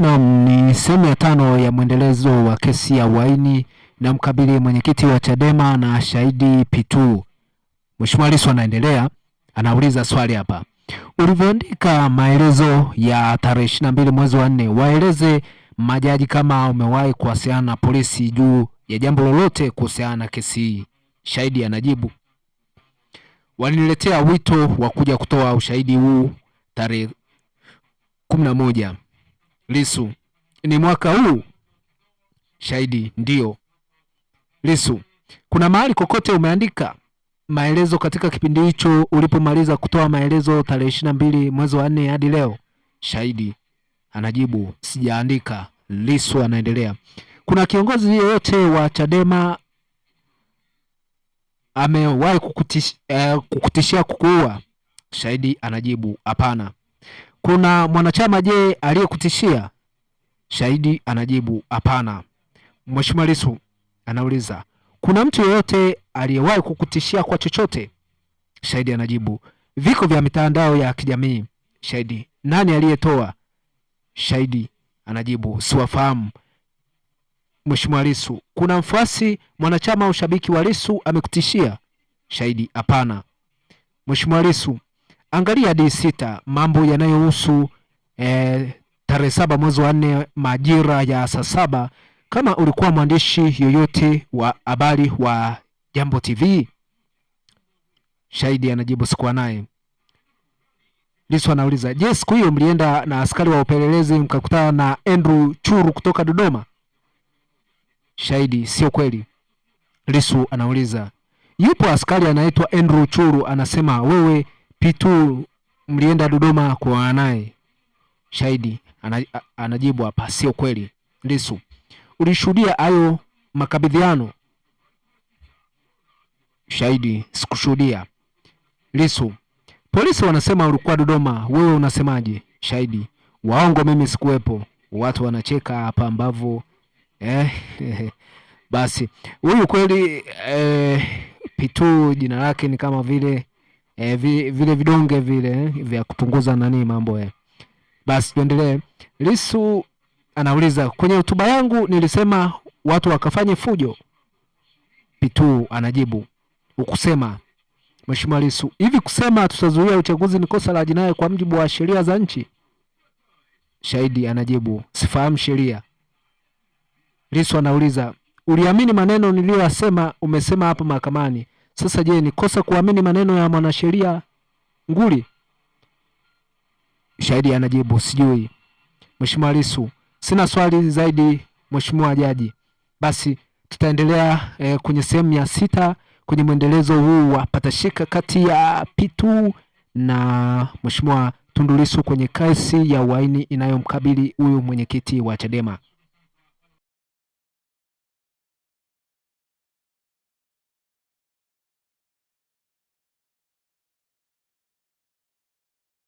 Naam, ni sehemu ya tano ya mwendelezo wa kesi ya uhaini na mkabili mwenyekiti wa Chadema na shahidi P2. Mheshimiwa Lissu anaendelea, anauliza swali hapa, ulivyoandika maelezo ya tarehe ishirini na mbili mwezi wa nne, waeleze majaji kama umewahi kuwasiliana na polisi juu ya jambo lolote kuhusiana na kesi hii. Shahidi anajibu, waliniletea wito wa kuja kutoa ushahidi huu tarehe kumi na moja Lisu, ni mwaka huu? Shahidi, ndio Lisu, kuna mahali kokote umeandika maelezo katika kipindi hicho ulipomaliza kutoa maelezo tarehe ishirini na mbili mwezi wa nne hadi leo? Shahidi anajibu sijaandika. Lisu anaendelea, kuna kiongozi yeyote wa Chadema amewahi kukutisha, eh, kukutishia kukuua? Shahidi anajibu hapana kuna mwanachama je aliyekutishia? Shahidi anajibu hapana. Mheshimiwa Lissu anauliza kuna mtu yeyote aliyewahi kukutishia kwa chochote? Shahidi anajibu viko vya mitandao ya kijamii. Shahidi nani aliyetoa? Shahidi anajibu siwafahamu. Mheshimiwa Lissu kuna mfuasi mwanachama au shabiki wa Lissu amekutishia? Shahidi hapana. Mheshimiwa Lissu Angalia hadi sita, mambo yanayohusu eh, tarehe saba mwezi wa nne majira ya saa saba. Kama ulikuwa mwandishi yoyote wa habari wa Jambo TV, shahidi anajibu sikuwa naye. Lissu anauliza je, siku hiyo mlienda na askari wa upelelezi mkakutana na Andrew Churu kutoka Dodoma? Shahidi sio kweli. Lissu anauliza yupo askari anaitwa Andrew Churu, anasema wewe P2 mlienda Dodoma kuoana naye? Shahidi anajibu hapa, sio kweli. Lissu ulishuhudia hayo makabidhiano? Shahidi sikushuhudia. Lissu polisi wanasema ulikuwa Dodoma, wewe unasemaje? Shahidi waongo, mimi sikuwepo. Watu wanacheka hapa ambavyo eh, basi huyu kweli eh, Pitu jina lake ni kama vile e, vile vidonge vile eh, vya kupunguza nani mambo eh. Basi tuendelee. Lisu anauliza kwenye hotuba yangu nilisema watu wakafanye fujo. Pitu anajibu ukusema, Mheshimiwa Lisu, hivi kusema tutazuia uchaguzi ni kosa la jinai kwa mjibu wa sheria za nchi? Shahidi anajibu sifahamu sheria. Lisu anauliza uliamini maneno niliyoyasema umesema hapo mahakamani sasa je, ni kosa kuamini maneno ya mwanasheria nguli? Shahidi anajibu sijui. Mheshimiwa Lissu, sina swali zaidi Mheshimiwa Jaji. Basi tutaendelea e, kwenye sehemu ya sita kwenye mwendelezo huu wa patashika kati ya pitu na Mheshimiwa Tundu Lissu kwenye kesi ya uhaini inayomkabili huyu mwenyekiti wa Chadema.